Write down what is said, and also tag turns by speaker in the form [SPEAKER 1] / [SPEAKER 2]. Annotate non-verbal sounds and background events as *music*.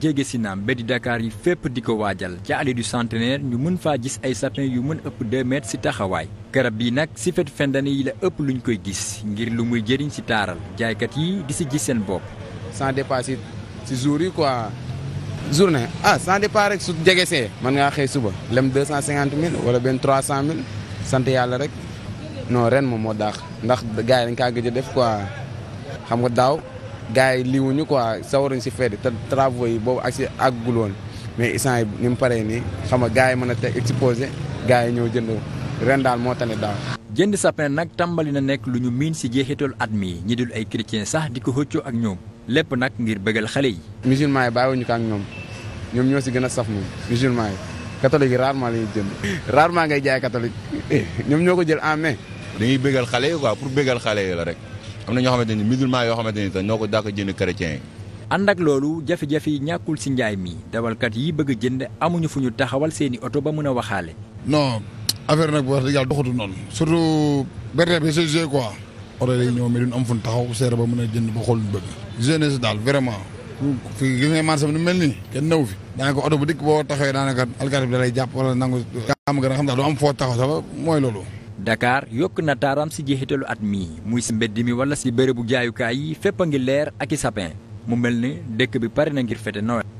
[SPEAKER 1] jéege si naam mbedd Dakar yi fépp di ko waajal ca allée du centenaire ñu mën faa gis ay sapin yu mën ëpp 2 mètres si taxawaay garab yi nag si fet fendane yi la ëpp lu ñu koy gis ngir lu muy
[SPEAKER 2] jëriñ si taaral jaaykat yi di si ji seen bopp. sant dépasser si jour yi quoi journée ah sant départ rek su jege see mën ngaa xëy suba lem 250 mille wala benn 300 sant yàlla rek non ren moom moo daax ndax gars yi dañ kaa gëj a def quoi xam nga daaw. gars yi liwuñu quoi sawaruñ si fête te travaux yi boobu ak si àggul woon mais instant yi ni mu paree nii xama nga gars yi mën a teg exposé gars yi ñëw jënd ren daal moo tane daaw. jënd sapin nag tàmbali na nekk lu ñu miin si jeexital
[SPEAKER 1] at mii ñi dul ay chrétien sax di ko xëccoo ak ñoom lépp nag ngir bëggal xale yi.
[SPEAKER 2] musulman yi bàyyiwuñu ko ak ñoom ñoom ñoo si gën a saf moom musulman yi catholique yi rarement la ñuy jënd rarement ngay jaay catholique *laughs* ñoom ñoo ko jël en main. dañuy bëggal xale yi pour bëggal xale yi la rek.
[SPEAKER 1] am na ñoo xamante ni musulman yoo xamante ni te ko daa ko jënd chrétien yi. ànd ak loolu jafe-jafe yi ñàkkul si njaay mi dawalkat yi bëgg a jënd amuñu fu ñu taxawal seeni oto ba mën a waxaale.
[SPEAKER 3] non affaire nag bu wax dëgg yàlla noonu. surtout BRT bi c'est jeu quoi. oto yi ñëw mais duñ am fu ñu taxaw seere ba mën a jënd ba xool lu bëgg. jeunesse daal vraiment. fi gis nga marché bi nu mel nii kenn newu fi daanaka oto bu dikk boo taxawee daanaka alkaati bi da lay jàpp wala nangu. kaa xam daal du am foo taxaw sax mooy loolu.
[SPEAKER 1] Dakar yokk na taaram si jeexitalu at mii muy si mbedd mi wala si bërëbu jaayukaay yi fépp a ngi leer ak i sapin mu mel ni dëkk bi pare na ngir fete Noël.